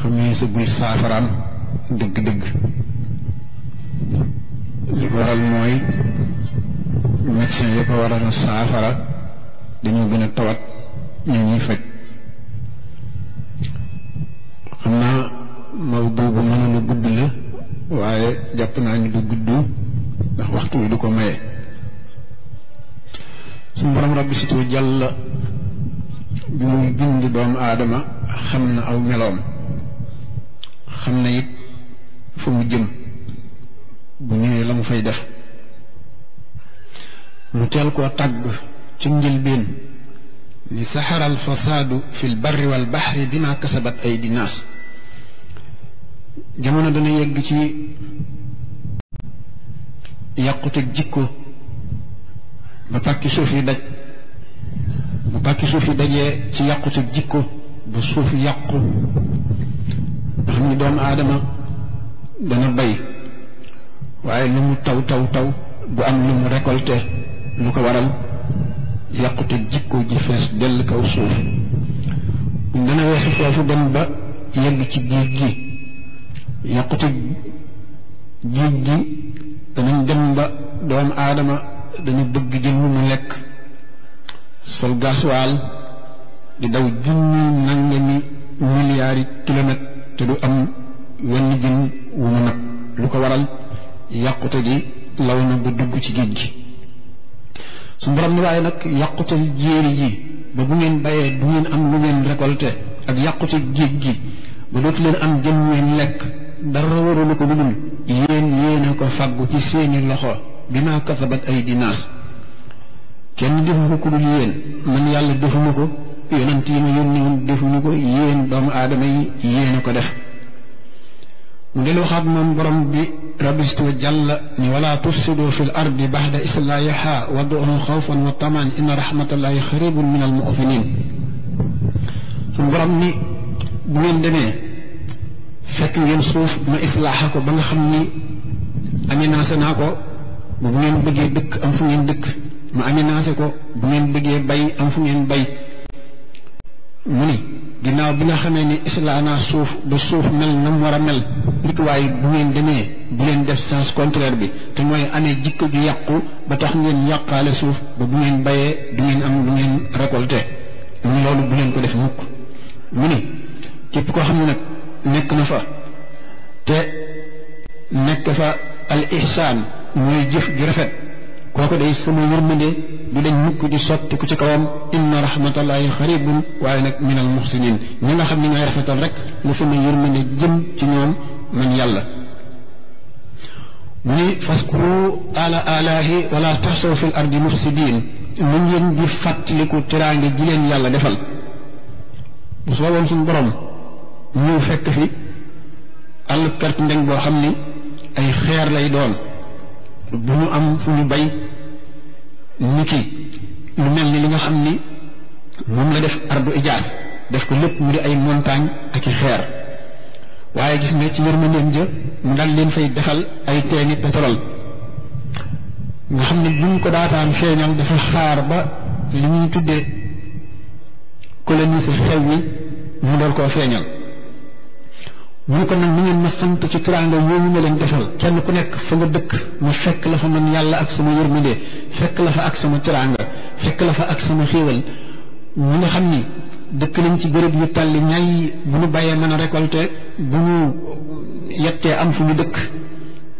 xameesagul saafaraam dëgg-dëgg li ko waral mooy médecin yi ko waral saafara dañoo gën a tawat ñoo ñuy faj xam naa maw boobu mënoon a gudd la waaye jàpp naa ni du gudd ndax waxtu wi du ko maye suñu borom rabbi situ jàll bi muy bind doomu aadama xam na aw meloom xam na it fa mu jëm bu ñëwee la mu fay def mu teel koo tàgg ci njëlbeen li saxara al fasaadu fi l barri wal baxri bima kasabat ay di naas jamono dana yegg ci yàqute jikko ba pàkki suuf yi daj bu pàkki suuf yi dajee ci yàqute jikko ba suuf yàqu nga xam doomu aadama dana bay waaye lu mu taw taw taw bu am lu mu récolté lu ko waral yàqute jikko ji fees dell kaw suuf dana weesu foofu dem ba yegg ci géej gi yàqute géej gi danañ dem ba doomu aadama dana bëgg jël lu mu lekk sol gasoil di daw junni nangami milliards kilomètres te du am wenn jën wu mu nag lu ko waral yàqute gi law na bu dugg ci géej gi su borom ni waaye nag yàqute jéeri ji ba bu ngeen bayee du ngeen am lu ngeen récolté ak yàqute géej gi ba dootu leen am jën lekk dara waralu ko lu dul yéen yéen ko fàggu ci seeni loxo bi maa kasabat ay dinaas kenn defuma ko dul yéen man yàlla defuma ko yonent ma yónni won defuñu ko yéen doom aadama yi yéen ko def ngel waxat mom borom bi rabbistu jàlla ni wala tusidu fil l ardi baxda islaayiha waduhu khawfan wa taman in rahmatallahi kharibun min al muminin suñ borom ni bu ngeen demee fekk ngeen suuf ma islaaxa ko ba nga xam ni aménacé naa ko bu ngeen bëggee dëkk am fu ngeen dëkk mu aménagé ko bu ngeen bëggee bay am fu ngeen bay mu ni ginnaaw bi nga xamee ni islaa naa suuf ba suuf mel na mu war a mel li ko bu ngeen demee bu leen def sens contraire bi te mooy amee jikko ju yàqu ba tax ngeen yàqaale suuf ba bu ngeen bayee du ngeen am lu ngeen récolté mu loolu bu leen ko def mukk mu ni képp koo xam ne nag nekk na fa te nekk fa al ihsaan mooy jëf ju rafet kooku day sama yërmande du len mukk di sotti ku ci kawam inna rahmatallahi kharibun waaye nag minal muhsinin ñi nga xamni ne rafetal rek la sama yërmande jëm ci ñoom man yàlla ni faskuru ala alahi wala taxsaw fil ardi mufsidin mu ngeen di fàttaliku teraange ji len yàlla defal bu so won suñ borom ñu fekk fi al perte ndeng bo xamni ay xeer lay doon bu ñu am fu ñu bay niki lu mel ni li nga xam ni moom la def ardu ijaar def ko lépp mu di ay montagne ak i xeer waaye gis nga ci yërmandeem ja mu daal leen fay defal ay teeni xam ne bu ko daataan feeñal dafa xaar ba li ñuy tuddee coloniser xew yi mu door koo feeñal ñu ne kon nag ni ngeen ma sant ci turaanga yooyu nga leen defal kenn ku nekk fa nga dëkk ma fekk la fa man yàlla ak sama yërmande fekk la fa ak sama turaanga fekk la fa ak sama xéewal ñi nga xam ni dëkk nañ ci béréb yu tàlli ñay bu ñu bàyyee mën a récolter bu ñu yettee am fu mu dëkk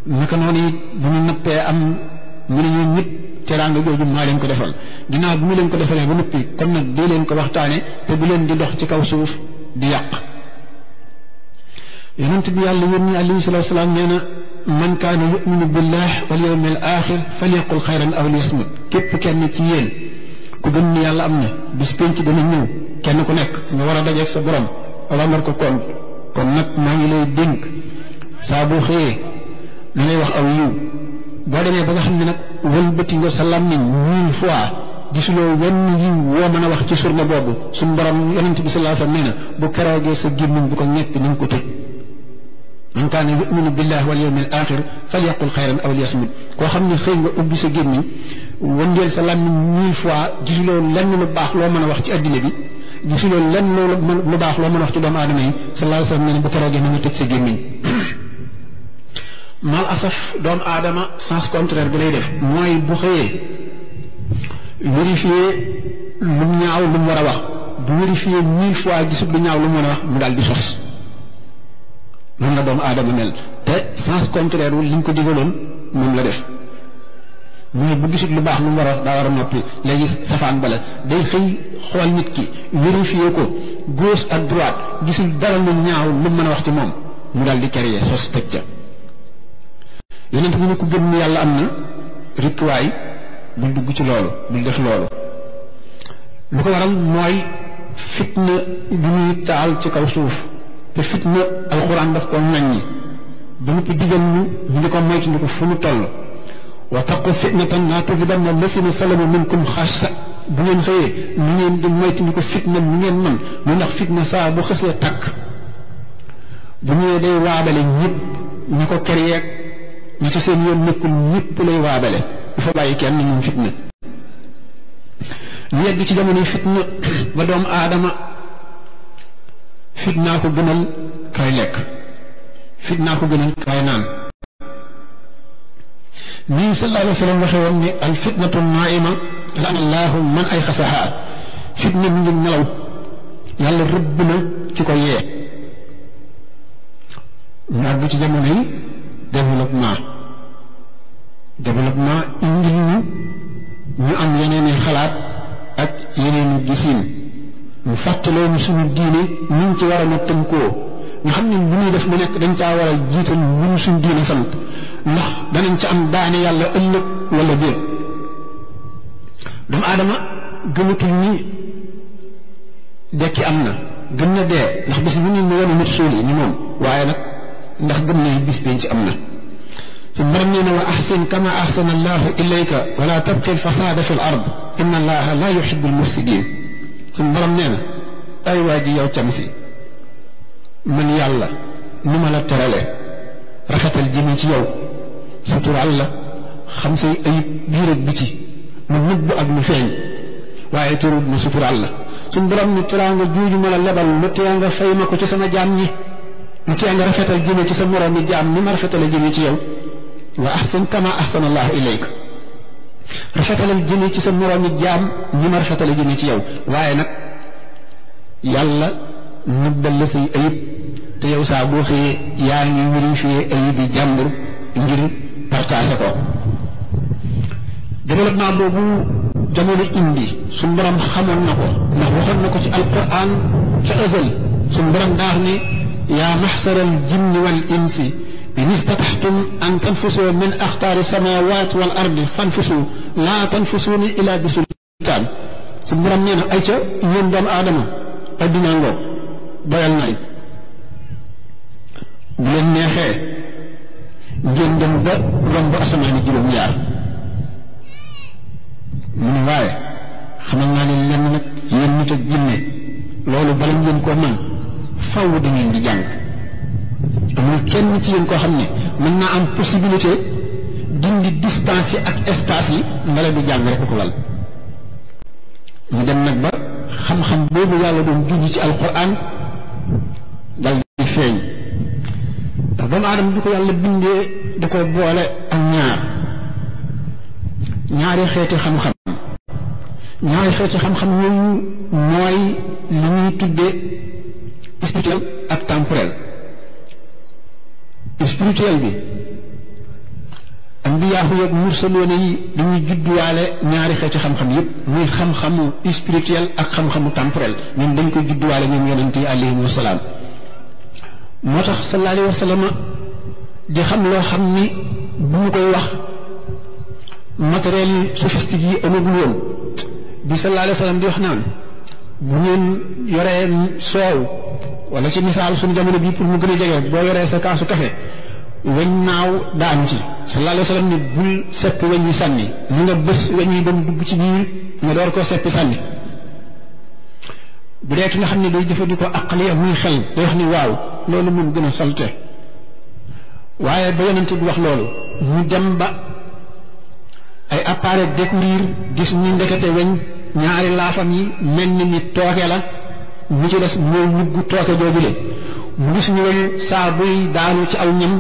naka noonu it bu ñu nappee am mu ne ñoom ñëpp teraanga jooju maa leen ko defal ginnaaw bu mu leen ko defalee ba noppi kon nag dee leen ko waxtaane te bu leen di dox ci kaw suuf di yàq yonent bi yàlla yónni alayhi salaatu salaam nee na man képp kenn ci yéen ku gëm am na bis penc dana ku nekk nga war a dajeeg sa borom wala ko kon kon nag maa ngi lay dénk saa boo xëyee na lay wax aw yiw boo demee ba nga xam ne nag wëlbati nga sa làmmiñ mille fois gisuloo wenn yiw woo mën a wax ci surga boobu suñu borom yonent bi sallallahu alayhi wa nee na bu keroogee sa gémmiñ bu ko ñepp na nga ko tëj man kaana yuminu billahi wal yawmil axir falyaqul xayran aw liyasmut koo xam ne xëy nga ubbi sa gémmiñ wëndeel sa làmmiñ mille fois gisuloo lenn lu baax loo mën a wax ci addina bi gisuloo lenn lu baax loo mën a wax ci doomu aadama yi sallallahu alayhi wa sallam nee na bu keroogee na nga tëj sa gémmiñ mal asaf doomu aadama sens contraire bi lay def mooy bu xëyee vérifier lu mu ñaaw lu mu war a wax bu vérifier mille fois gisul lu ñaaw lu mu war a wax mu daal di sos noonu la doomu aadama mel te sens contraire wu li ñu ko digaloon moom la def mooy bu gisul lu baax lu mu war a daa war a noppi léegi safaan bala day xëy xool nit ki vérifié ko gauche ak droite gisul dara lu ñaaw lu mën a wax ci moom mu dal di créer sos tëj ca yonent bi ne ku gëm yàlla am na rituwaay bul dugg ci loolu bul def loolu lu ko waral mooy fitna yu ñuy taal ci kaw suuf te fitna alxuraan daf ko naññi ba noppi digal ñu ñu ngi ko moytu ñu ko fu mu toll wa taqu fitnatan laa tusiibanna llaziina zalamu minkum xaassa bu ngeen xëyee ñu ngeen di moytu ñu ko fitna mu ngeen man mu ndax fitna saa bu xësee tàkk bu ñëwee day waabale ñëpp ñu ko kereek ñu ci seen yoon nekkul ñëpp lay waabale du fa bàyyi kenn moom fitna ñu yegg ci jamonoy fitna ba doomu aadama fitnaa ko gënal kay lekk fitnaa ko gënal kay naan nii sallallahu ni al fitnatu naa'ima la'ana allahu man ay xasaha fitna mu ngi nelaw yàlla rëbb na ci ko yee ñu àgg ci jamono yi développement développement indil ñu ñu am yeneeni xalaat ak yeneeni gisin mu fàttaloo ñu suñu diine ñu ci war a nag tënkoo nga xam ne bu ñuy def mu nekk dañ caa war a jiital ñu suñu diine sant ndax danañ ci am daane yàlla ëllëg wala déet doomu aadama gëmatul ni dekki am na gëm na dee ndax bis bu ñu mu wane nit suul yi ni moom waaye nag ndax gëm na bis biñ ci am na ثم رمينا وأحسن كما أحسن الله إليك ولا تبقي الفساد في الأرض إن الله لا يحب المفسدين suñ borom neena ay waa yow cam si man yàlla nu ma la terale rafetal jëme ci yow suturaal la xam say ayib biir ak biti mu nëbb ak mu feeñ waaye turut mu suturaal la suñ borom ni teraanga juuju ma la lebal mu tee nga fay ma ko ci sama jaam ñi mu tee nga rafetal jëme ci sa morom ni jaam ni ma rafetale jëme ci yow wa ahsan kama ahsan allah ilayka rafetalal jëme ci sa moroomi jaam ñi ma rafetale jëme ci yow waaye nag yàlla nëbbal la ayib te yow saa boo yaa ngi vérifier ayib yi jàmbur ngir partager ko développement boobu jamono indi suñu xamoon na ko ndax waxoon na ko ci alquran ca ëzal suñu borom daax ne yaa maxsaral jinni wal insi إن استطعتم أن تنفسوا من أخطار السماوات والأرض فانفسوا لا تنفسون إلا بسلطان سبحان نينا أيتا يوم دم آدم أدنا الله بيال ناي بلن نيخي ngeen dem ba romb asamaan yi juróom ñaar mu ne waaye xamal naa leen lenn nag yéen nit ak ci yéen ko xam ne mën naa am possibilité dindi distance yi ak espace yi mbala du jàng rek ko lal ñu dem nag ba xam-xam boobu yàlla doon junj ci alquran dal di feeñ ndax doomu aadama bi ko yàlla bindee da ko boole ak ñaar ñaari xeeti xam-xam ñaari xeeti xam-xam yooyu mooy li ñuy tudde spirituel ak temporel spirituel bi ambiyaahu yeeg mursaloona yi dañuy judduwaale ñaari xeeti xam-xam yëpp muy xam-xamu spirituel ak xam-xamu temporel ñoom dañ koy judduwaale ñoom yonent yi alayhim moo tax sallallahu alayhi wa di xam loo xam ni bu mu koy wax matériel yi sophistique yi amagul bi sallallahu alayhi wa di wax naan bu ngeen yoree soow wala ci misaal suñu jamono bii pour mu gën a jege boo yoree sa kaasu kafe weñ naaw daan ci sallallahu alayhi wa sallam ni bul seppi weñ nga xam ne day jëfandikoo aqliya muy xel day wax ni gën a salte waaye ba yonente bi wax loolu ñu dem ba ay appareil découvrir gis ñu ndekete weñ ñaari laafam yi mel ni ni tooke la ñi ci des mooy ñugg tooke jooju le mu gis ñu woon saa buy daanu ci aw ñam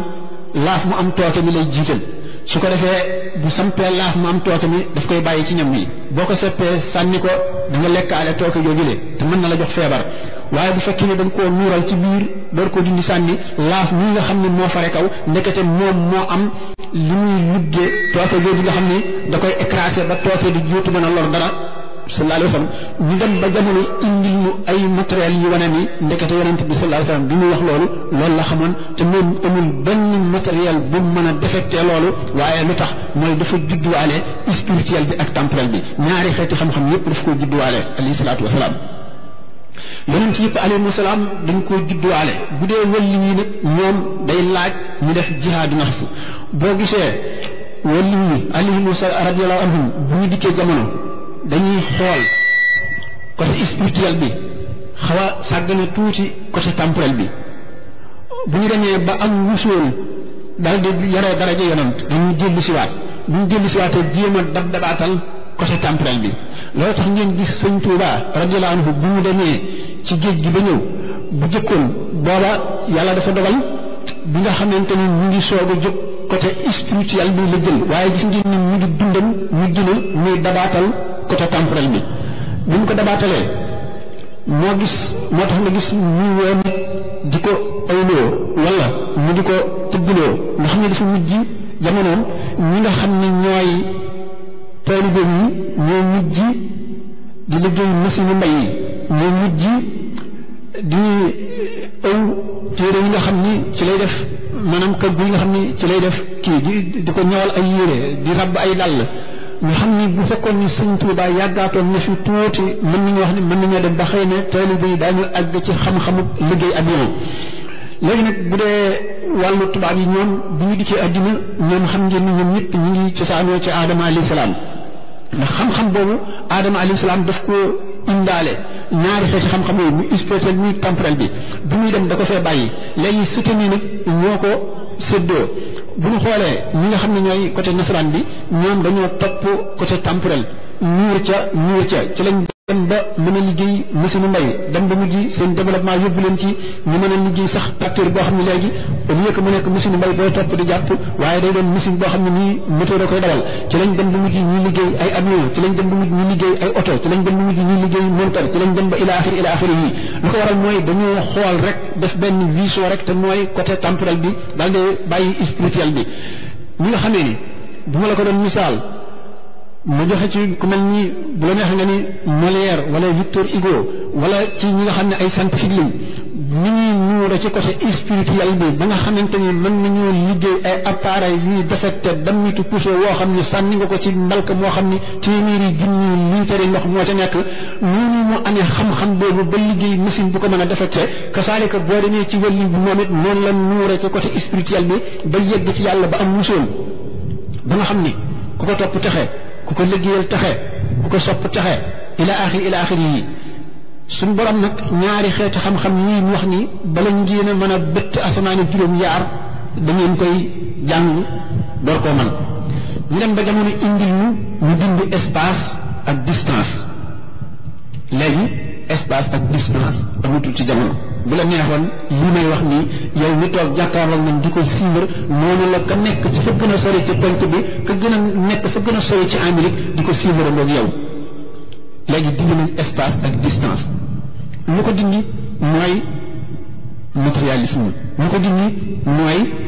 laaf mu am tooke mi lay jiital su ko defee bu sampee laaf mu am tooke mi daf koy bàyyi ci ñam yi boo ko seppee sànni ko da nga lekkaale tooke jooju le te mën na la jox feebar waaye bu fekkee ne da nga koo nuural ci biir door ko dindi sànni laaf mi nga xam ne moo fare kaw ndekete moom moo am li muy luggee tooke jooju nga xam ne da koy écrasé ba tooke di juutu mën a lor dara sallallahu alayhi wa dem ba jamono indil ñu ay matériel yu wane ni ndekete yonent bi sallallahu bi mu wax loolu loolu la xamoon te moom amul benn matériel bu mën a defectee loolu waaye lu tax mooy dafa judduwaale spirituel bi ak temporel bi ñaari xeeti xam-xam yépp daf koo judduwaale alayhi salaatu wa salaam yonent yëpp mu salaam dañ koo judduwaale bu dee wëlli ñi nag ñoom day laaj ñu def jihaadu nafs boo gisee wëlli ñi alayhimu radiyallahu bu ñu dikkee jamono dañuy xool côté spirituel bi xaw sàgg na tuuti côté temporel bi bu ñu demee ba am wusoon dal di yaroo daraja yonent dañuy jëllu siwaat bu ñu jëllu siwaatee jéem dab dabaatal côté temporel bi loolu tax ngeen gis sëñ Tuubaa radiyallaahu bu ñu demee ci géej gi ba ñëw bu jëkkoon booba yàlla dafa dogal bi nga xamante ni mu ngi soog a jóg côté spirituel bi la jël waaye gis ngeen ni mu ngi dundam mu gëna muy dabaatal côté temporel bi bi mu ko dabaatalee moo gis moo tax nga gis ñu woo nit di ko ayloo wala mu di ko tëggloo nga xam ne dafa mujj jamonoom ñi nga xam ne ñooy taalibe yi mu mujj di liggéey machine mbay yi ñoo mujj di aw téere yi nga xam ni ci lay def maanaam kër gi nga xam ni ci lay def kii di di ko ñëwal ay yére di ràbb ay dàll nga xam ni bu fekkoon ni sëñ Tuubaa yàggaatoon na fi tuuti mën nañu wax ni mën nañoo dem ba xëy na taalibe yi daañu àgg ci xam-xamu liggéey ak yoon léegi nag bu dee wàllu tubaab yi ñoom bu ñu dikkee àddina ñoom xam ngeen ni ñoom ñëpp ñu ngi cosaanoo ci aadama alayhi salaam ndax xam-xam boobu aadama alayhi salaam daf ko indaale ñaari xeeti xam-xam yooyu muy spirituel muy temporel bi bu muy dem da ko fee bàyyi léegi sëtëm yi nag ñoo ko séddoo bu ñu xoolee ñi nga xam ne ñooy côté nasaraan bi ñoom dañoo topp côté temporel muur ca muur ca ci lañ dem ba mën a liggéey machine mbay dem ba mujj seen développement yóbbu leen ci ñu mën a liggéey sax tracteur boo xam ne léegi au lieu mu nekk machine mbay booy topp di jàpp waaye day doon machine boo xam ne nii moteur a koy dawal ci lañ dem ba mujj ñuy liggéey ba mujj liggéey ay oto ci lañ dem ba mujj ñuy liggéey lu ko waral mooy dañoo xool rek def benn vision rek te mooy côté temporel bi daal bàyyi spirituel bi ñi nga xamee ni bu ma la ko doon misaal mu joxe ci ku mel ni bu la neexee nga ni Molière wala Victor Hugo wala ci ñi nga xam ne ay scientifique lañ ni ñuy ñuure ci côté spirituel bi ba nga xamante ni mën nañoo liggéey ay appareils yuy defecte dammitu poussé woo xam ne sànni nga ko ci ndalk moo xam ni téeméeri junni liitari ndox moo ca nekk noonu mu amee xam-xam boobu ba liggéey machine bu ko mën a defecte kasaalika boo demee ci wàllu bi moom it noonu la ñuure ci côté yàlla ba am musoon ba nga xam ni ku ko topp texe ku ko liggéeyal texe ku ko sopp texe ila axiri ila axiri yi suñ borom nag ñaari xeeti xam-xam yii mu wax ni bala ngeen a mën a bëtt asamaani juróom-yaar da ngeen koy jàng door koo man ñu dem ba jamono indil ñu ñu dindi espace ak distance léegi espace ak distance amutul ci jamono bu la neexoon li may wax nii yow mi toog jàkkaarloog nañ di ko suivre noonu la ka nekk ci fa gën a sori ci penc bi ka gën a nekk fa gën a sori ci Amérique di ko suivre ngoog yow léegi dindi nañ espace ak distance lu ko dindi mooy matérialisme lu ko dindi mooy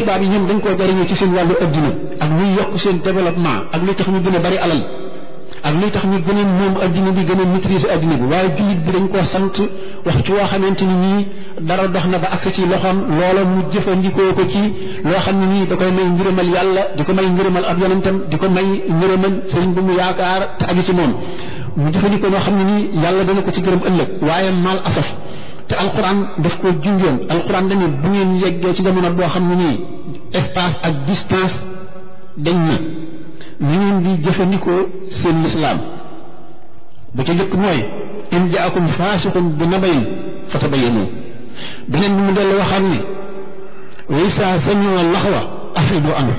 tubaab yi ñoom dañ koo jariñu ci seen wàllu adduna ak luy yokk seen développement ak luy tax ñu gën a bari alal ak luy tax ñu gën a moom adduna bi gën a maîtriser adduna bi waaye jullit bi dañ koo sant wax ci woo xamante ni nii dara dox na ba agsi ci loxoom loola mu jëfandikoo ko ci loo xam ne nii da koy may ngërëmal yàlla di ko may ngërëmal ab yonentam di ko may ngërëmal sëriñ bu mu yaakaar te aju ci moom mu jëfandikoo loo xam ne nii yàlla dana ko ci gërëm ëllëg waaye maal asaf te alquran daf ko junjoon alquran dañu bu ngeen yeggee ci jamono boo xam ne nii espace ak distance dañ na ñu ngeen jëfandikoo seen lislaam ba ca jëkk mooy in jaakum faasiqun bi nabayin fa tabayyanu beneen bi mu dellu waxaat ne wa isaa samiu laxwa afridu anhu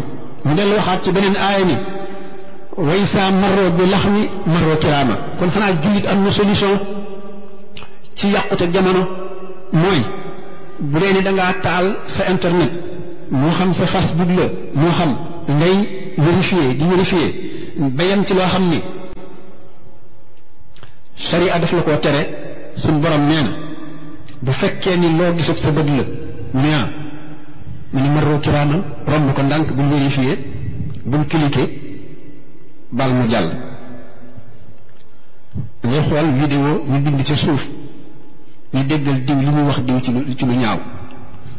mu dellu waxaat ci beneen aaya ni wa isaa bi lax mi marroo kiraama kon xanaa jullit am na solution ci yàqute jamono mooy bu dee ni da taal sa internet moo xam sa Facebook la moo xam ngay vérifier di vérifier bayam ci loo xam ni sharia daf la koo tere suñ borom nee bu fekkee ni loo gisut sa bët la mais mu ni maroo kiraana romb ko ndànk bul vérifier bul cliquer bal mu jàll ngay xool vidéo ñu bind ci suuf ñu déggal diw li muy wax diw ci lu ci lu ñaaw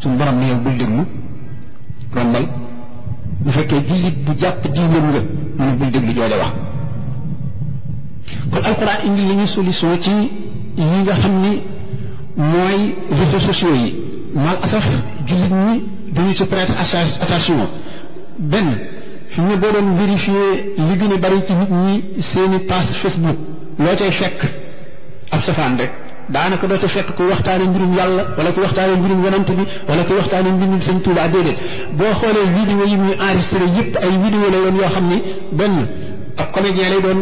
suñu borom ne yow bul déglu rombal bu fekkee jullit bu jàpp diinam nga mu ne bul déglu jooja wax kon alxuraan indi la ñu ci yi nga xam ni mooy réseaux sociaux yi mal asaf jullit ñi dañu ci prêter attention benn fi ñu boo doon vérifier li gën a bari ci nit ñi seeni page Facebook loo cay fekk ab safaan rek danaka do ci fekk ku waxtane mbirum yàlla wala ku waxtane mbirum yonent bi wala ku waxtane mbirum sëñ touba déedéet bo xolé vidéo yi muy enregistrer yëpp ay vidéo la yoon yo xamni ben ak ab comédien lay doon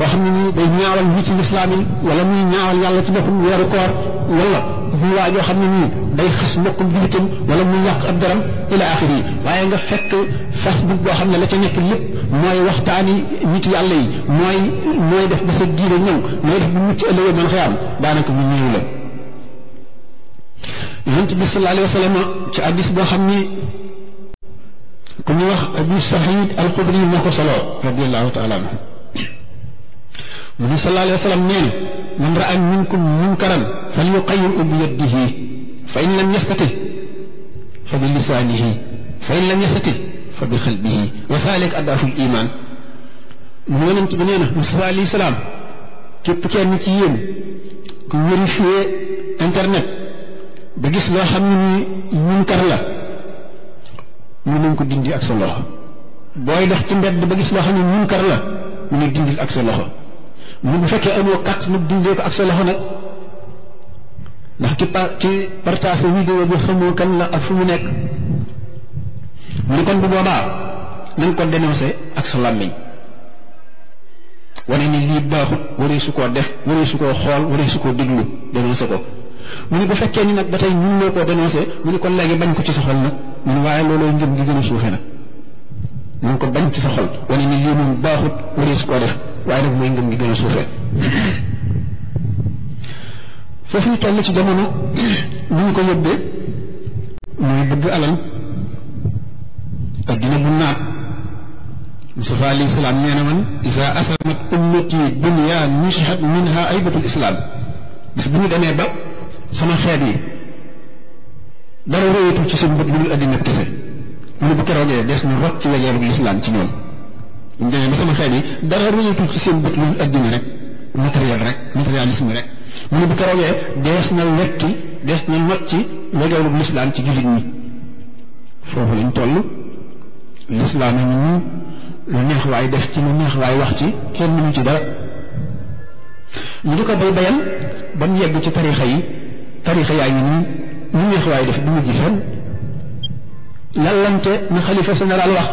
koo xam ne nii day ñaawal ñi ci lislaam yi wala muy ñaawal yàlla ci boppam weeru koor wala muy waa joo xam ne nii day xas mbokkum julitam wala muy yàq ab daram ila axiri yi waaye nga fekk facebook boo xam ne la ca nekk lépp mooy waxtaani nit yàlla yi mooy mooy def ba sa diine ñëw mooy def bu mucc ëllëgee mën xëyaam daanaka mu ñëw la yonent bi sallallahu alayhi wa sallam ci hadis boo xam ni ku ñu wax abu sahid al qudri moo ko solo radiallahu taala anhu من صلى الله عليه وسلم نين من رأى منكم منكرا فليقيم بيده فإن لم يستطع فبلسانه فإن لم يستطع فبقلبه وذلك أضعف الإيمان من أنت بنينا من صلى الله عليه وسلم كيف كان نتيين كوري يرشي انترنت بجس لا حمي منكر لا من أنك دين دي أكس الله بوي دخت مبد بجس لا حمي منكر لا من دين دي أكس الله mu bu fekkee amoo kat mu dindee ko ak sa loxo nag ndax ki pa ki partage bi xamoo kan la ak fu mu nekk mu ne kon bu boobaa nañ ko dénoncé ak sa làmmiñ wane ni lii baaxut waree su koo def waree su koo xool waree su koo déglu dénoncé ko mu ne bu fekkee ni nag ba tey ñun loo koo dénoncé mu ne kon léegi bañ ko ci sa xol nag mu ne waaye loolooy njëm gi gën a suufe nag nañ ko bañ ci sa xol wane ni lii moom baaxut waree su koo def waaye nag a foofu ñu toll ci jamono lu ñu ko yóbbee mooy bëgg alal addina bu naat Mustafa alayhi salaam nee na man isa asamat ummati dunya nusihat minha aybatul islam bis bu ñu demee ba sama xeet yi dara réyatul ci seen bët lu dul addina kese mu ne bu keroogee des na rot ci wejeerug lislaam ci ñoom nee ba sama xeet yi dara rëyatul ci seen bët lu addina rek matériel rek matérialisme rek mu ne bu ko dees na wetti dees na not ci lu neex wax ci kenn mënu ci dara ñu di ko bay bayal ba mu yegg ci tarixa yi tarixa yaa ngi nii lu neex waay def du mujj fenn lallante na xalifa général wax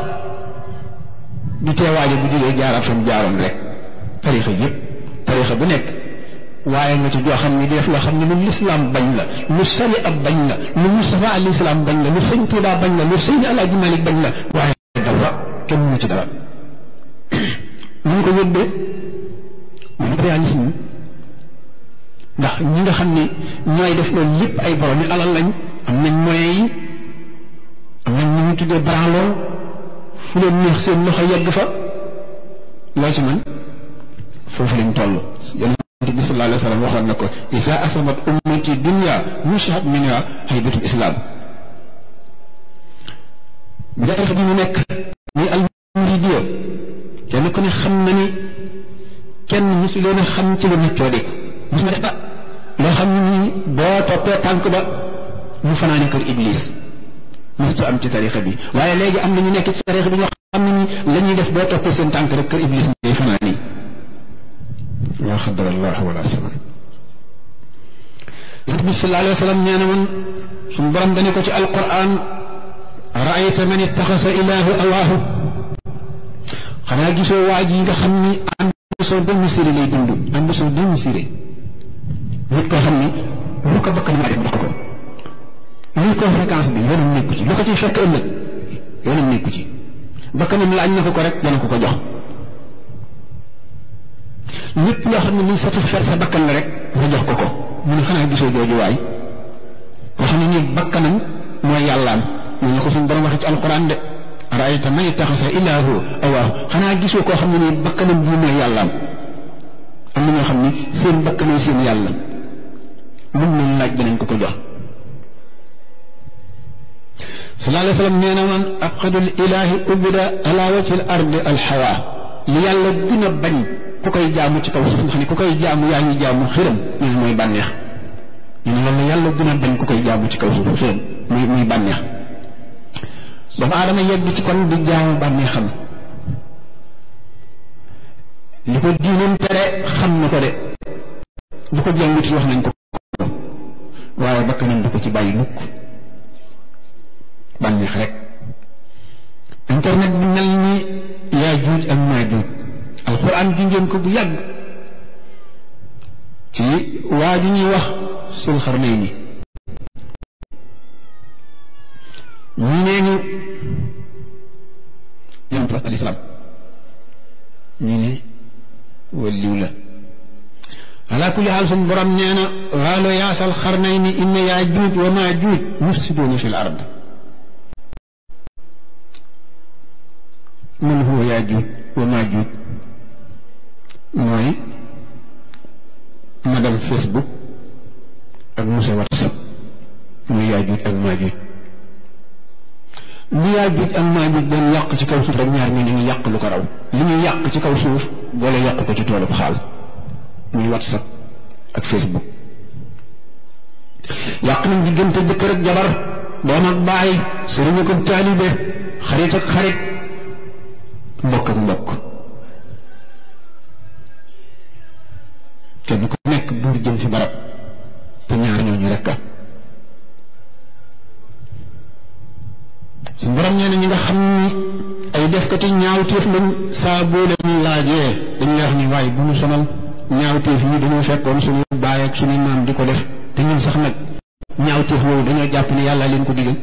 du tee waaja bu jaar jaaraat fa mu jaaroon rek tarixa yëpp tarixa bu nekk waaye nga ci joo xam ni def loo xam ne lu lislaam bañ la lu sari ab bañ la lu Mustafa alayhi salaam bañ la lu sëñ Alaaji Malik bañ la waaye dafa kenn mënu ci dara ñu ko yóbbee mu réalisme ndax ñi def loolu alal lañ am nañ moyens am nañ ñu tuddee branloo fu leen neex seen loxo yegg fa loo ci man foofu lañ toll yonente bi sallallahu alayhi wa sallam waxoon na ko isa asamat ummati dunya mushat minha haybatul islam njariñ bi mu nekk muy al muridiya kenn ku ne xam na ni kenn mosu leen a xam ci lu nekkoo de mos na def ba loo xam ni boo toppee tànk ba mu fanaane kër iblis musu am ci tarixa bi waaye léegi am na ñu nekk ci tarixa bi ñoo xam ne ni la ñuy def boo toppee seen tànk rek kër iblis ngay fanaan yi yaa xaddar allah wala salam yonent bi sallallahu alayhi wa sallam nee na woon suñu borom dane ko ci alquran raayta man ittaxasa ilaahu awaahu xanaa gisoo waa ji nga xam ni am soo dem siré lay dund am soo dem siré nit koo xam ni lu ko bakkan maa def ko luy lu ko ci fekk ëllëg yoonam nekku ci ba kanam laaj na ko ko rek dana ko ko jox lépp loo xam ne muy satisfaire sa bakkan la rek nga jox ko ko mu ne xanaa gisoo jooju waay wax ne ni bakkanam mooy yàllaam mu ne ko suñu borom waxee ci de raayta man ittaxasa ilaahu awaahu xanaa gisoo koo xam ne nii bakkanam bii mooy yàllaam am na ñoo xam ne seen bakkanam seen yàlla mën nañ laaj danañ ko ko jox sallallahu alayhi wa sallam nee na man aqadul ilaahi ubida ala wajhil ardi alxawa li yàlla gën a bañ ku koy jaamu ci kaw suuf nga xam ne ku koy jaamu yaa ngi jaamu xiram ñu ne mooy bànneex ñu ne loolu yàlla gën a bañ ku koy jaamu ci kaw suuf xiram muy muy bànneex doomu aadama yegg ci kon di jaamu bànneexam li ko diinam tere xam na ko de bu ko jàngut yi wax nañ ko waaye bakkanam du ko ci bàyyi mukk bànneex rek internet bi mel ni yaa juuj ak maa juuj alquran junjoon ko bu yàgg ci waa ji ñuy wax sul xarnay ni ñu nee ñu yonent bi alayhi salaam ñu ne waliw la ala kulli xaal suñ borom nee na waalo yaasal xarnay ni inna yaa juuj wa maa juuj mufsiduuna fi l ard man huwa yaajuuj wa maajuuj mooy madame Facebook ak monsieur WhatsApp muy yaajuuj ak maajuuj bu yaajuuj ci kaw suuf rek ñaar ñi ñu yàq lu ko raw li ñuy yàq ci kaw suuf boole yàq ko ci toolub xaal muy WhatsApp ak Facebook yàq nañ diggante jëkkër ak jabar doom ak baay sëriñ ak taalibe xarit ak xarit mbokk ak mbokk kenn ku nekk buur jëm fi barab te ñaar ñooñu rekk am suñu borom nee na nga xam ni ay defkati ñaawteef lañ saa boo leen laajee dañu wax ni waaye bu ñu sonal ñaawteef yi dañoo fekkoon suñu baay ak suñu maam di ko def te ñun sax nag ñaawteef yooyu dañoo jàpp ni yàlla leen ko digal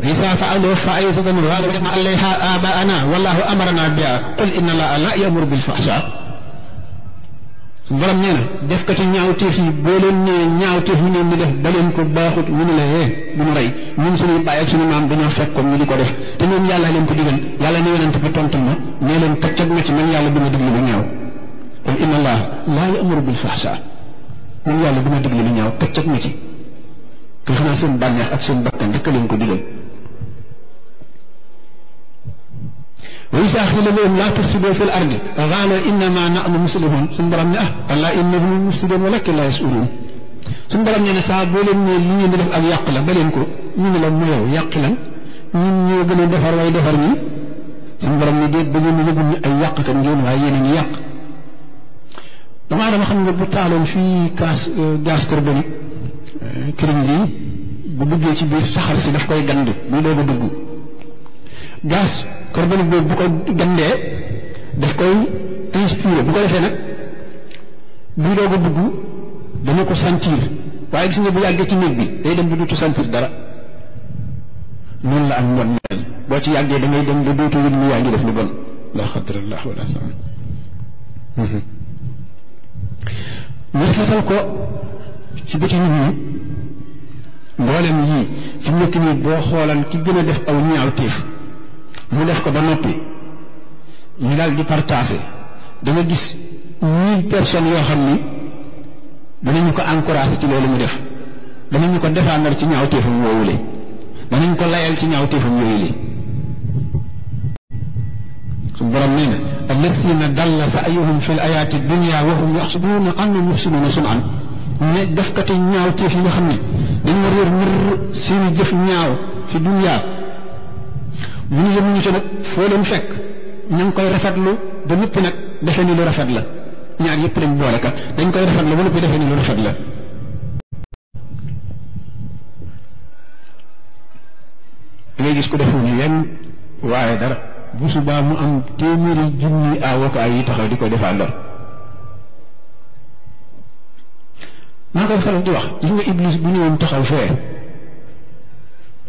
إذا فعلوا فائزة غالبا عليها آباءنا والله أمرنا بها قل إن الله لا يأمر بالفحشاء borom nee na def ko ci ñaawteef yi boo leen nee ñaawteef ñu ne ñu ko baaxut ñu ne la yee eh, bu ñu rey ak suñu maam dañoo fekk comme ñu bi tontu ma nee leen kaccat ma ci man yàlla duma digle lu ñaaw kon inna allah laa ya'muru bil fahsha man yàlla duma ci kon xanaa seen bànneex ak seen bakkan rek leen ko digal wa izaa qiila lahum laa tufsidu fil ardi qaalu innamaa nahnu muslimuun suñu borom ne ah alaa innahum mufsiduun walaakin laa yash'uruun suñu borom ne ne saa boo leen ne li ngeen ko ñu la mu yow yàq lan ñun ñoo a defar way defar ñi suñu borom ne déet bëgg na yëgul ñu ay yàqkat ngeen waaye yéen a ngi yàq dama dama xam nga bu taaloon fii gaz euh, gaz carbonique euh, bu duggee ci biir saxar si daf koy gand muy doog a dugg. gaz carbonique boobu bu ko gandee daf koy inspiré bu ko defee nag buy doog a dugg ko sentir waaye gis nga bu yàggee ci néeg bi day dem ba dootu sentir dara noonu la ak mbon mel boo ci yàggee da ngay dem ba dootu yëg ni yaa ngi def lu bon la xadrallah wala saan maslatal mhm. ko ci bëti nit ñi mboolem yii fi nekk nii boo xoolan ki gën a def aw ñaawteef mu def ko ba noppi ñu daal di partager da nga gis mille personnes yoo xam ni danañu ko encourager ci loolu mu def danañu ko défendre ci ñaaw téefam yooyu le danañu ko layal ci ñaaw téefam yooyu le su borom nee na allazina dalla sa'yuhum fil ayaati dunya wa hum yaxsibuuna annahum yuxsinuuna sun'an ne defkati ñaaw téef yi nga xam ne dañu réer mër seeni jëf ñaaw fi dunya ñu ngi yemuñu ci nag foo leen fekk ñu ngi koy rafetlu ba ñëpp nag defe ni lu rafet la ñaar yëpp lañ boole dañ koy rafetlu ba ñëpp defe ni lu rafet la. ngay gis ku defu ni yenn waaye dara bu subaa mu am téeméeri junni avocat yi taxaw di ko defandoo. maa koy faral di wax gis nga iblis bu ñëwoon taxaw fee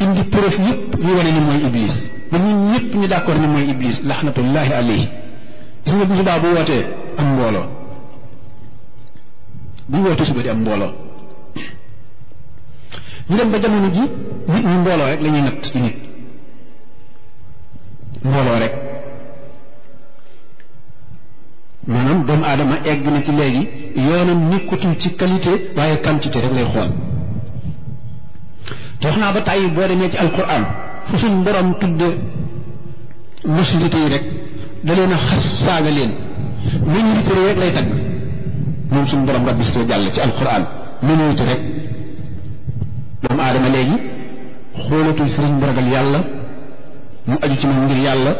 indi preuve yëpp yu wane ni mooy iblis. ba ñun ñëpp ñu d'accord ni mooy iblis laxnatullahi alayhi gis nga bu subaa bu wootee am mbooloo bu wootee suba di am mbooloo ñu dem ba jamono ji nit ñi mbooloo rek la ñuy ci nit mbooloo rek maanaam doomu aadama egg na ci léegi yoonam nekkatul ci qualité waaye quantité rek lay xool te wax naa ba tàyyi boo demee ci alquran fu suñ borom tudde musrite yi rek da a xas saaga leen lu ñu witéré rek lay tagg moom suñ borom rabbi si jàll ci alquran yàlla mu aju ci moom ngir yàlla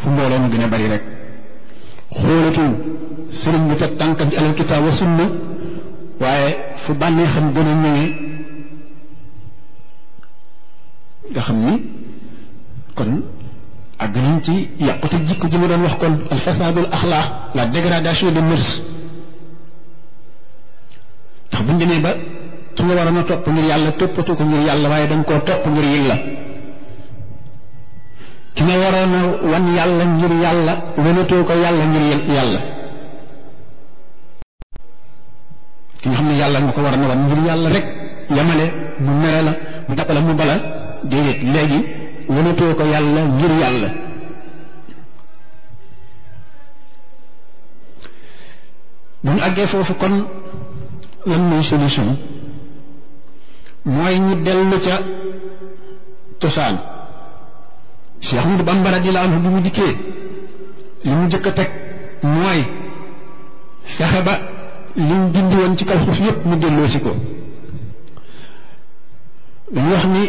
fu mbooloo mu gën a bari rek xoolatul sëriñ bu teg tànkam ci alal kitaab wa sunna waaye fu bànnee xam gën a ñëwee nga xam ni kon àgg nañ ci yàqute jikko ji ma doon wax kon al fasadul axlaq la dégradation des mœurs ndax buñ demee ba su nga waroon a topp ngir yàlla toppatu ko ngir yàlla waaye dañ koo topp ngir yàlla ki nga waroon xam ne yàlla nga ko waroon a wan ngir yàlla rek yamale mu mere la mu dàppale mu bala déedéet léegi wanatoo ko yàlla ngir yàlla bu ñu àggee foofu kon lan mooy solution mooy ñu dellu ca cosaan Cheikh Ahmadou Bamba radiyallahu anhu bi mu dikkee li mu jëkk a teg mooy fexe ba li mu dindi ci kaw suuf yépp mu delloosi ko dañu wax ni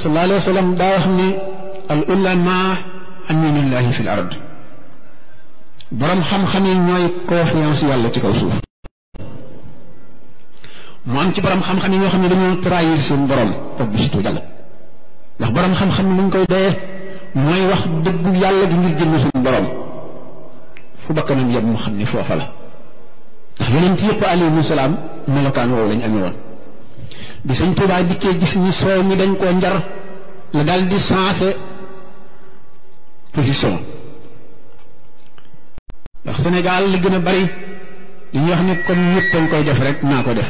صلى الله عليه وسلم دا وخني ان امين الله في الارض برام خم خمي نوي كوف نيو سي يالا تي كو سوف مو ام تي برام خم خمي نيو خمي دانيو ترايل سين برام تو بيستو يالا واخ برام خم خمي نين كوي داي موي واخ دغ يالا دي نير جيم سين برام فو بكنم يم خمي فوفا لا يونتي يپ عليه السلام ملوكان وولن اميون bi sëñ Tuubaa dikkee gis ñi soow mi dañ koo njar la daal di changé position ndax Sénégal li gën a bari li ñuy wax ni comme koy def rek naa ko def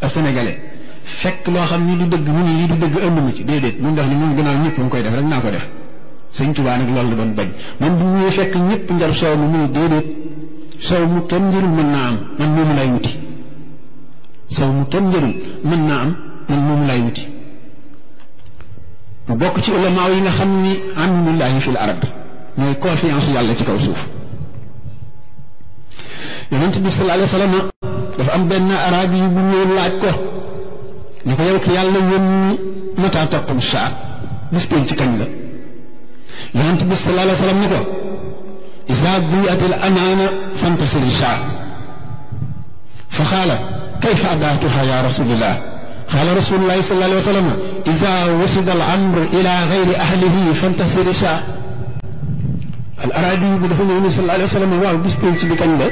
ak loo xam ni du dëgg mu ni lii du dañ koy def rek naa ko def sëñ Tuubaa nag loolu la doon bañ man bu ñuy fekk ñëpp njar soow mi mu ni déedéet soow mu kenn njërul mën naa am man moomu lay wuti saw mu kenn njëriñ mën naa am man moom lay wuti mu bokk ci ulamaaw yi nga xam ni amnullahi fil arab mooy confiance yàlla ci kaw suuf yonent bi sala alayhi salaam dafa am benn arab yi bu ñëw laaj ko ne ko yow ki yàlla yónni mata taqum saa bis péen ci kañ la yonent bi sala alayhi salaam ne ko isa duyatil amaana fantasiri saa fa xaala كيف أداتها يا رسول الله قال رسول الله صلى الله عليه وسلم إذا وصل الأمر إلى غير أهله فانتصر شاء الأراضي بدفن النبي صلى الله عليه وسلم هو بس بنت بكن لا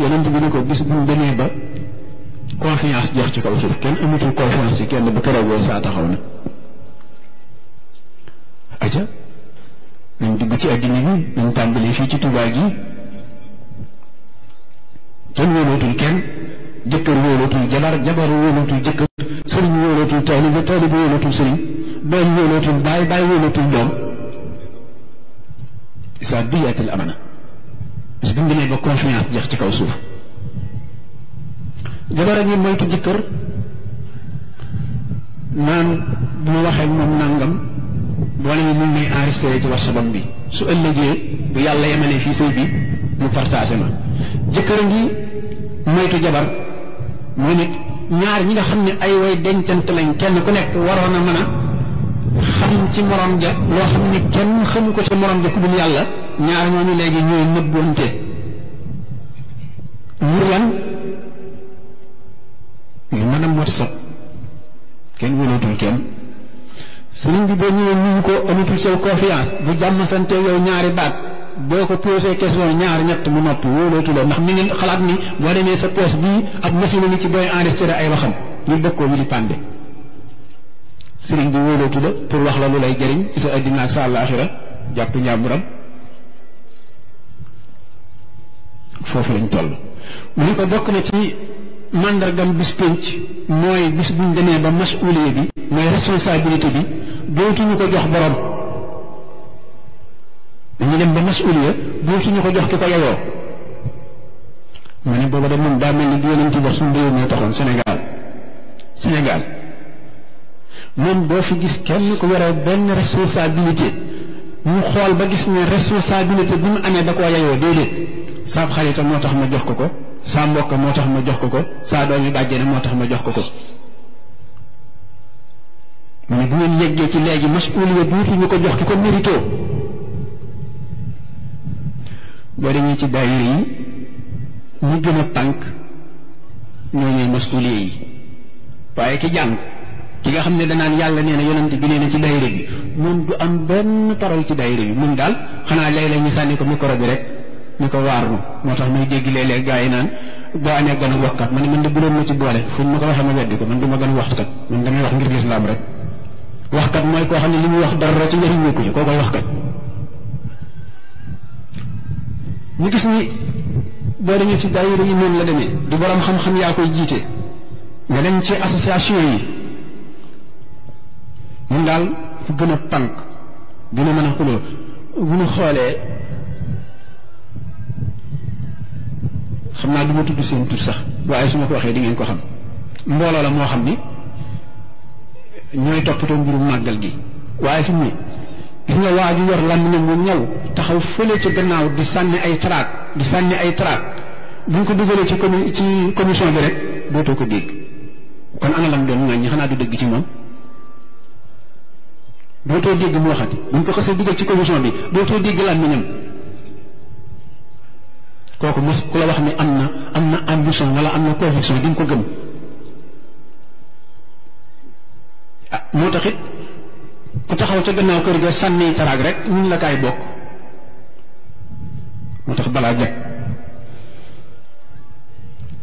ينتمي بنك بس بن دنيبا كوفي أس جرت كوفي كن أمي تقول كوفي أس كن بكرة وساعة هون أجا من دبتي أدنيه من تنبلي في تتوغي كن ولو تلكن jëkkër wóolootul jabar jabar wóolootul jëkkër sëriñ wóolootul taalibe taalibe wóolootul sëriñ doom wóolootul baay baay wóolootul doom ci kaw suuf jabar a ngi moytu jëkkër naan su ëllëgee bu yàlla yemalee fii sëy bi mu partagé ma jëkkër a ngi moytu jabar mu ne ñaar ñi nga xam ne ay way dencante lañ kenn ku nekk waroon a mën a xam ci morom ja loo xam ne kenn xamu ko ci morom ja ku dul yàlla ñaar ñooñu léegi ñooy nëbbonte ngir lan ñu mën ko amatul sa confiance bu jàmm sante ñaari baat boo ko posé question ñaar ñett mu noppi wóolootu la ndax mi ngi xalaat ni boo demee sa poos bii ab machine ni ci booy enregistré ay waxam ñu bëgg koo wili pande sëriñ bi wóolootu la pour wax la lu lay jëriñ ci sa addina ak sa àllaaxira jàpp njàmburam foofu lañ toll mu ni ko bokk na ci màndargam bis mooy bis buñ demee ba masuuliya bi mooy responsabilité bi dootuñu ko jox borom dañuy dem ba masuliya dootuñu ko jox ki ko yeyoo ma ne booba de moom daa mel ni di yonent ba suñu réew mi taxoon Sénégal Sénégal moom boo fi gis kenn ku yore benn responsabilité mu xool ba gis ne responsabilité bi mu amee da koo yeyoo déedéet saab xarita moo tax ma jox ko ko saa mbokk moo tax ma jox ko ko saa doomi bàjjene moo tax ma jox ko ko mu ne bu ngeen yeggee ci léegi masuliya dootuñu ko jox ki ko mérito boo demee ci daayira yi ñu gën a tànk ñooñuy masuliye yi waaye ki jàng ki nga xam ne danaan yàlla nee na yonante bi nee na ci daayira bi moom du am benn parole ci daayira bi moom daal xanaa lay lay ñu sànni ko micro bi rek ñu ko waar nu moo tax muy dégg léeg-léeg gaa yi naan boo amee gën a waxkat man man de bu doon ma ci boole fu ma ko waxee ma weddi ko man du ma gën a waxkat man damay wax ngir lislaam rek waxkat mooy koo xam ne li muy wax dara ci ñu wékku ci koo koy waxkat ñu gis ni boo demee ci daayira yi noonu la demee du borom xam-xam yaa koy jiite nga dem ci association yi mun daal fu gën a pànk gën a mën a xuloo bu ñu xoolee xam naa du ma tudd seen tur sax waaye su ma ko waxee di ngeen ko xam mbooloo la moo xam ni ñooy toppatoo mbirum màggal gi waaye fi ne gis nga waa ju yor làmmiñam mu ñëw taxaw fële ci gannaaw di sànni ay traat di sànni ay traat buñ ko dugalee ci comi ci commission bi rek dootoo ko dégg kon ana lam doon nga ñi xanaa du dëgg ci moom dootoo dégg mu waxati buñ ko xasee dugal ci commission bi dootoo dégg làmmiñam kooku mos ku la wax ni am na am na ambition wala am na conviction di nga ko gëm ah moo taxit ku taxaw ca gannaaw kër ga sànni taraag rek ñun la kaay bokk moo tax balaa jag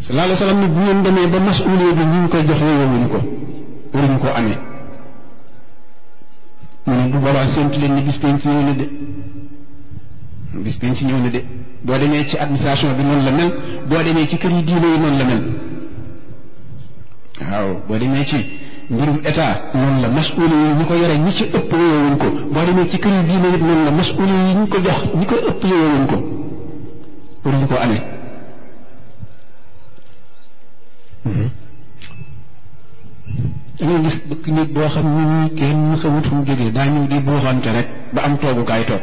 sallallahu alayhi wa sallam ni bu demee ba masuulee bi ñu koy jox yooyowuñu ko waruñu ko amee mu ne du balaa séntu leen ni bis penc ñëw na de bis penc ñëw na de boo demee ci administration bi noonu la mel boo demee ci kër yi diine yi noonu la mel waaw boo demee ci mbirum état noonu la masuule yi ñu ko yore ñi ci ëpp yeyowuñ ko boo demee ci kër yi diine it noonu la masuule yi ñu ko jox ñi ko ëpp yeyowuñ ko pour ñu ko amee hmm. dañoo gis bëkk nit boo xam ni ñi kenn xamut fu mu jógee daa di buuxante rek ba am toogukaay toog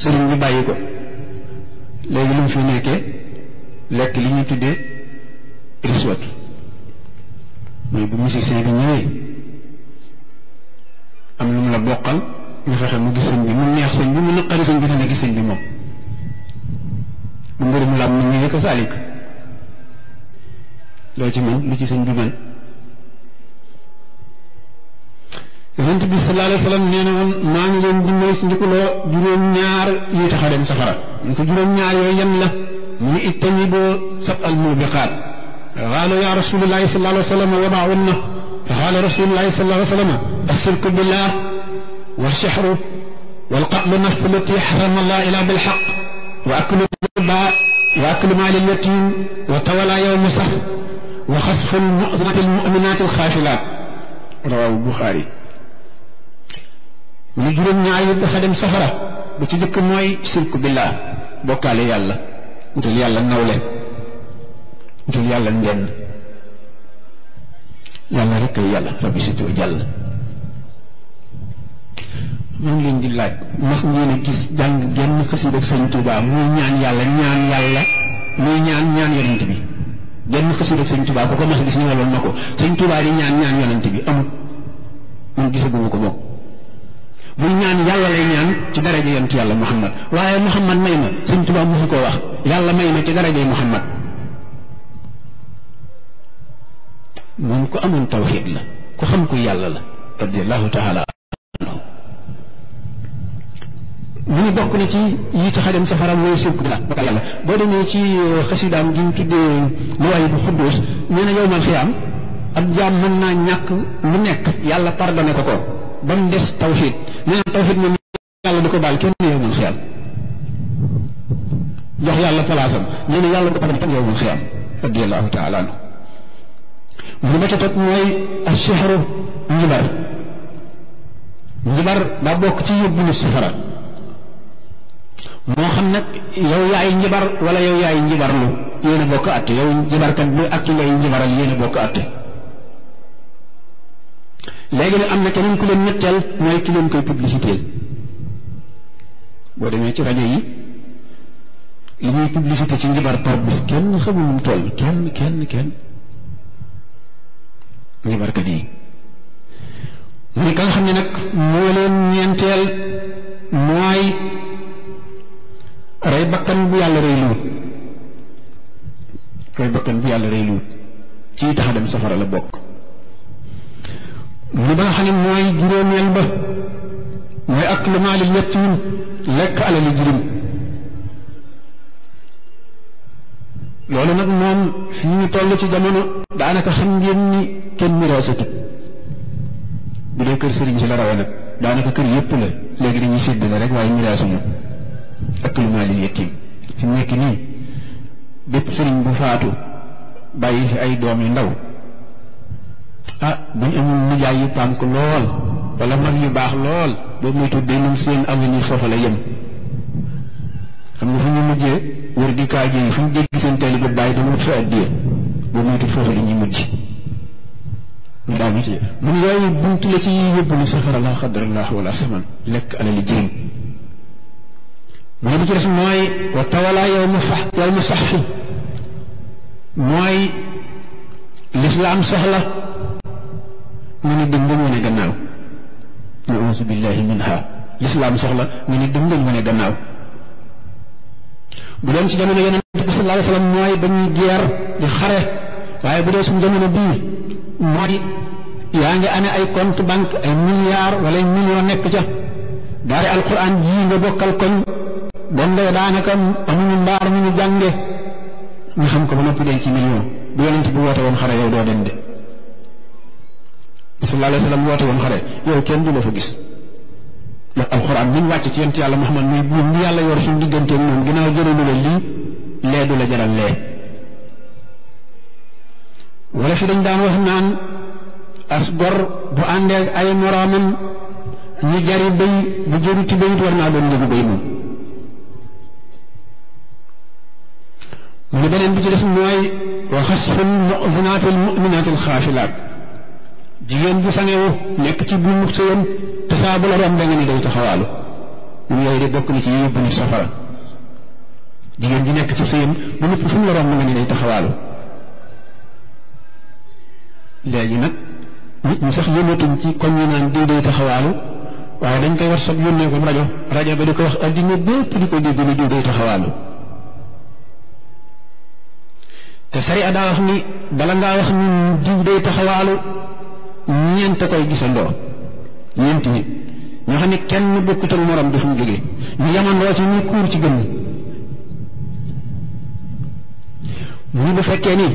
sëriñ bi bàyyi ko léegi lu mu fi nekkee lekk li ñu tuddee riswat mais bu musicien bi ñëwee am lu mu la bokkal nga fexe mu gis sëñ bi mu neex sëñ bi mu naqari saalik loo ci mën lu ci sëñ bi mën yonent bi sallallahu alayhi wa sallam nee na woon maa leen di moy sindikuloo juróom-ñaar yuy tax a dem safara ñu ko juróom-ñaar yooyu yan la mu ne ittani boo sab al mubiqaat قال يا رسول الله صلى الله عليه وسلم وضعهن فقال رسول الله صلى الله عليه وسلم الشرك بالله والسحر والقتل النفس التي حرم الله إلا بالحق وأكل الربا وأكل مال اليتيم وتولى يوم سحر وخسف المؤذنة المؤمنات الخاشلات رواه البخاري mu juróom بخدم yi بتدك موي safara بالله بوكالي يالله mooy يالله billah ngir yàlla ngeen yàlla rek ay yàlla rabbi si tuur jàll maa ngi leen di laaj ndax ngeen a gis jàng genn xasida sëñ Tuubaa muy ñaan yàlla ñaan yàlla muy ñaan ñaan yonent bi genn xasida sëñ Tuubaa ku ko mas gis ñu waloon na ko sëñ Tuubaa di ñaan ñaan yonent bi amul man gisaguma ko bokk buy ñaan yàlla lay ñaan ci daraja yonent yàlla Muhammad waaye Muhammad may ma sëñ Tuubaa musu koo wax yàlla may ma ci daraja Muhammad moom ku amoon tawxiid la ku xam ku yàlla la radiallahu taala anhu mu ngi bokk na ci yi tax a dem safara mooy sirku billah bokkaale boo demee ci euh, xasidaam gi ñu tuddee luwaay bu xudduus nee na yowmal xiyaam ab jaam mën naa ñàkk lu nekk yàlla pardonné ko ko ba mu des tawxiid nee na moom yàlla du ko baal kenn yowmal xiyaam jox yàlla palaasam nee na yàlla du ko baal kenn yowmal xiyaam radiallahu taala anhu li ma ca teg mooy asihru njibar njibar daa bokk ci yóbbu lu safara moo xam nag yow yaay njibar wala yow yaay njibar lu yéen a bokk àtte yow njibarkat bi ak ki ngay njibaral yéen bokk àtte léegi nag am na keneen ku leen mooy ki koy publicité boo demee ci rajo yi li ñuy publicité ci njibar par bis kenn xamul mu toll kenn kenn kenn muy barkat yi mu ne ka nga xam ne nag moo leen ñeenteel mooy rey bakkan bu yàlla rey luut rey bakkan bu yàlla rey luut ci tax dem safara la bokk mu ne ba xam ne mooy juróomeel ba mooy ak lu maali yettiwul lekk alali jirim loolu nag moom fi ñu toll ci jamono daanaka xam ngeen ni kenn mira bu dee kër sëriñ si la rawe nag kër yëpp la léegi dañuy séddale rek waaye mira ak lu maa li yettim fi mu nekk nii bépp sëriñ bu faatu bàyyi fi ay doom yu ndaw ah buñ amul nijaay yu pànk lool wala mag yu baax lool boobu muy tuddee ñun seen avenir foofa la yem xam nga fu ñu mujjee wër di kaa jëy fu ñu dégg seen taalibe bàyyi dama fa addiya ba moytu foofu la ñuy mujj ñu daal ci mu ne yooyu bunt la ci yóbbu lu safara la xadrallah wala saman lekk alali jëriñ mu ne bu ci def mooy wa tawala yow ma fax yow ma sax fi mooy lislaam soxla mu ne dëng mu ne gannaaw nausu billahi minha lislaam soxla mu ne dëng mu ne gannaaw bu doon ci jamono yonent bi sallallahu alayhi wa sallam mooy ba ñuy geer di xare waaye bu dee suñu jamono bii mooy yaa ngi amee ay compte banque ay milliards wala ay millions nekk ca daara alquran yii nga bokkal koñ doon lay daanaka amuñu mbaar ñu ñu jànge ñu xam ko ba noppi denc ci million bu yonent bi woote woon xare yow doo dem de sallallahu alayhi wa sallam woote woon xare yow kenn du la fa gis ndax alxuraan bi ñu wàcc ci yent yàlla Muhammad muy buur ñi yàlla yor suñu diggante moom ginnaaw jëralu la lii lee du la jaral lee wala fi dañ daan wax naan as gor bu àndee ay moroomam ñu jari béy bu jëru ci béyit war naa doon njëgu béy moom mu beneen bi ci des mooy wa xasfun mu'minatil mu'minatil xaafilaat jigéen bu sangewu nekk ci buumub sëyam saa bu la romb nga ni day taxawaalu ñun yooyu de bokk na ci yiy yóbbu nit safara jigéen ji nekk ci sëyam ba nëpp fu mu la romb nga ni day taxawaalu léegi nag ñi sax yëngatuñ ci koñ ñu naan diw day taxawaalu waaye dañ koy war sab yónnee ko rajo rajo ba di ko wax addina bépp di ko dégg ni diw day taxawaalu te sariya daa wax ni bala ngaa wax ni diw day taxawaalu ñeent koy gisandoo ñeenti nit ñoo xam ne kenn bokkut ak morom dafa mu jógee ñu yamandoo ci ñu kuur ci gëmm mu bu fekkee ni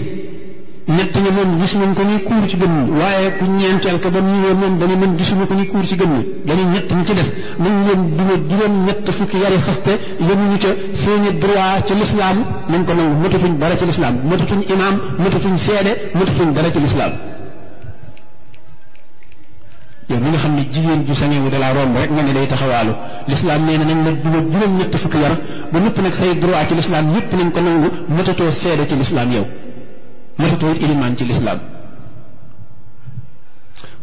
ñett ñi moom gis nañ ko ñuy kuur ci gën waaye ku ñeenteel ko ba ñëwee moom dañu mën gisuñu ci gëmm dañu ñett ñi ci def nañ leen duma juróom ñett fukki yari xaste yemuñu ca seeni droit ci lislaam nañ ko nangu mëtatuñ dara ci lislaam mëtatuñ imaam mëtatuñ seede mëtatuñ dara ci lislaam yow mi nga xam ne jigéen ju sañewu da laa romb rek nga ne day taxawaalu l'islam nee nañ la duma juróom ñett fukki yar ba nëpp nag say droit ci l'islam yépp nañ ko nangu matatoo seede ci l'islam yow matatoo ilimaan ci l'islam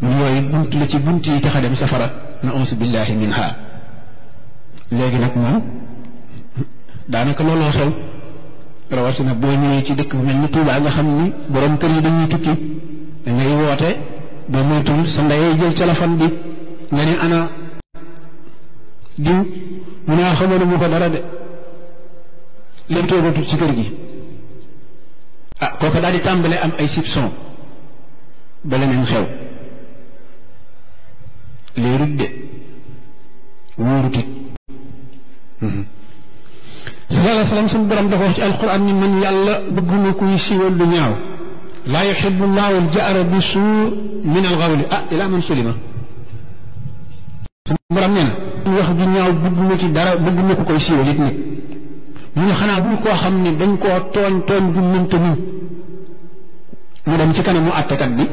yooyu bunt la ci bunt yi tax a dem safara na ausu billahi min ha léegi nag moom daanaka looloo xew rawatina boo ñëwee ci dëkk mel ni Tuubaa nga xam ni borom kër yi dañuy tukki da woote ba moytul sa ndeyay jël téléphone bi nga ne ana diw mu ne ah xamal ko dara de lépp toogatul ci kër gi ah kooku daal di tàmbale am ay soupçon ba leneen xew léerut de wóorutit mhm. sallallahu alayhi wa sallam suñu borom dafa ci alquran ni man yàlla bëgguma kuy siiwal lu ñaaw laa yuhibbu llaahu al-jahra bi suu min al-qawli ah ilaa man sulima borom nee na wax ju ñaaw bëgg na ci dara bëgg na ko koy siiwal it nit mu ne xanaa bu koo xam ne dañ koo tooñ tooñ gu mënta muñ mu dem ci kanamu àttekat bi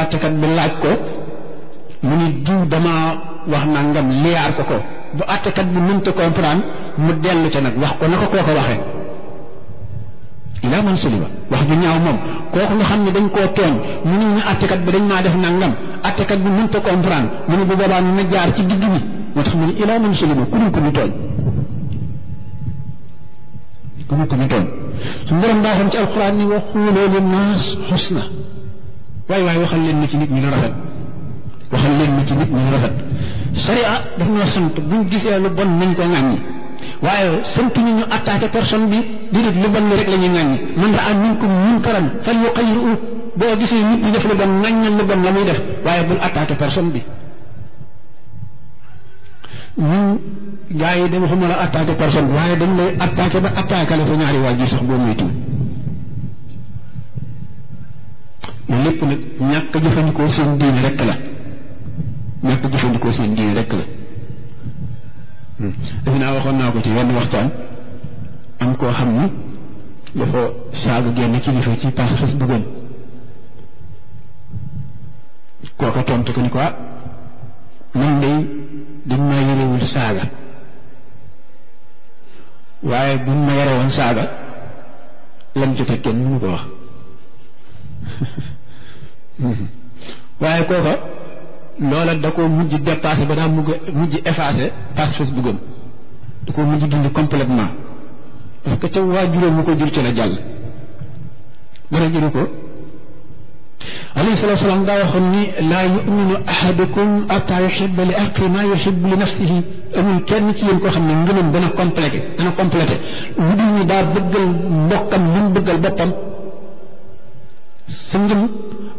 àttekat bi laaj ko mu ni diw damaa wax nangam liyaar ko ko bu àttekat bi mënta comprendre mu dellu ca nag wax ko naka koo ko waxee ila man suliba wax ju ñaaw mom ko nga xam dañ ko tooñ mu ñu ñu kat bi dañ maa def nangam atté attekat bi ta comprendre ñu bu bu ñu na jaar ci digg bi moo tax ila man suliba ku ñu ko ñu tooñ ku ñu ko ñu tooñ su borom daa xam ci alquran ni wa quuloo li naas xusna waay waay waxal leen ma ci nit ñi la rafet waxal leen ma ci nit ñi la rafet sharia daf noo sant buñu gisee lu bon nañ ko ŋàññi waaye santuñu ñu attaqué personne bi déedéet lu bon rek la ñuy ŋàññi man raa minkum munkaran falyuqayyirhu boo gisee nit ñi def lu bon ŋàññal lu bon la muy def waaye bul attaqué personne bi ñun gars yi dañu xamala attaqué personne waaye dañ lay attaqué ba attaqué la fa ñaari waajur sax boo moytu loolu lépp nag ñàkk jëfandikoo seen diine rek la ñàkk jëfandikoo seen diine rek la defe naa waxoon naa ko ci wenn waxtaan am koo xam ni dafa saaga genn kilifa ci pass fas bëggoon kooka tontu ko ni ko ah, man day dañ ma saaga waaye buñ ma yarewoon saaga lam jote kenn mënu ko wax waaye kooka loola da ko mujj dépassé ba daa mujj mujj effacé tax fas bëggam da ko mujj dindi complètement parce que ca waajuróom mu ko jur ci la jàll mu ne jëru ko عليه الصلاة والسلام دا يخني لا يؤمن أحدكم أتى يحب لأخي ما يحب لنفسه أمن كان كي ينكو خمي نجمم بنا كومبليكي أنا كومبليكي ودني دا بقل بقم من بقل بقم سنجم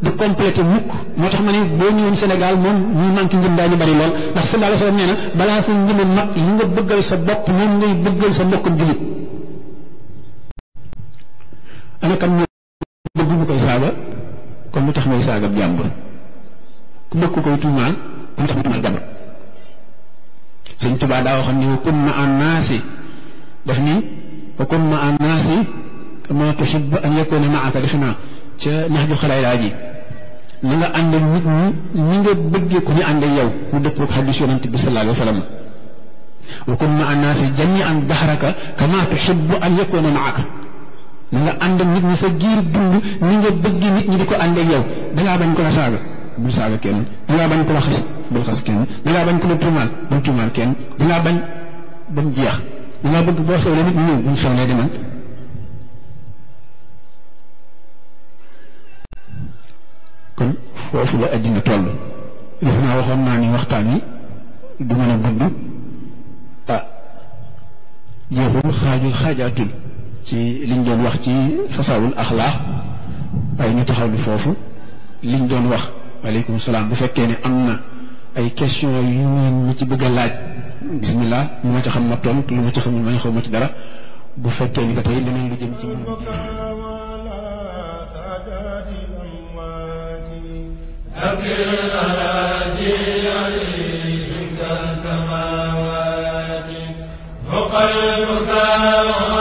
du complété mukk moo tax ma ne boo ñëwoon Sénégal moom ñu manqué ngëm daañu bari lool ndax sallallahu alayhi sa ngëma mat li nga defe naa ca Nahju Xalaa'iqaa ji na nga ànd ak nit ñi ñi nga bëggee ku ñu ànd ak yow mu dëppoog xadiis yonent bi sallallaahu alayhi wa sallam wa kun ma'a naasi jamii'an dahraka kamaa tuhibbu an yakuuna ma'aka na nga ànd ak nit ñi sa giir dund ni nga bëggee nit ñi di ko ànd ak yow dangaa bañ ko la saaga bul saaga kenn dangaa bañ ko la xas bul xas dangaa bañ ko la tuumaal bul tuumaal kenn dangaa bañ ba jeex dangaa bëgg boo sewlee nit ñi ñëw buñ sewlee demal kon foofu la addina toll defe naa waxoon naa ni waxtaan yi du mën a gudd ah jeexul xaajul xaajaatul ci liñ doon wax ci fasaawul axlaax waaye ñu taxaw ni foofu liñ doon wax waaleykum salaam bu fekkee ne am na ay question yu ngeen ma ci bëgg laaj bismillah lu ma ci xam ma tontu lu ma ci xamul ma ne xaw ma ci dara bu fekkee ni ko tey leneen lu jëm ci وقلبك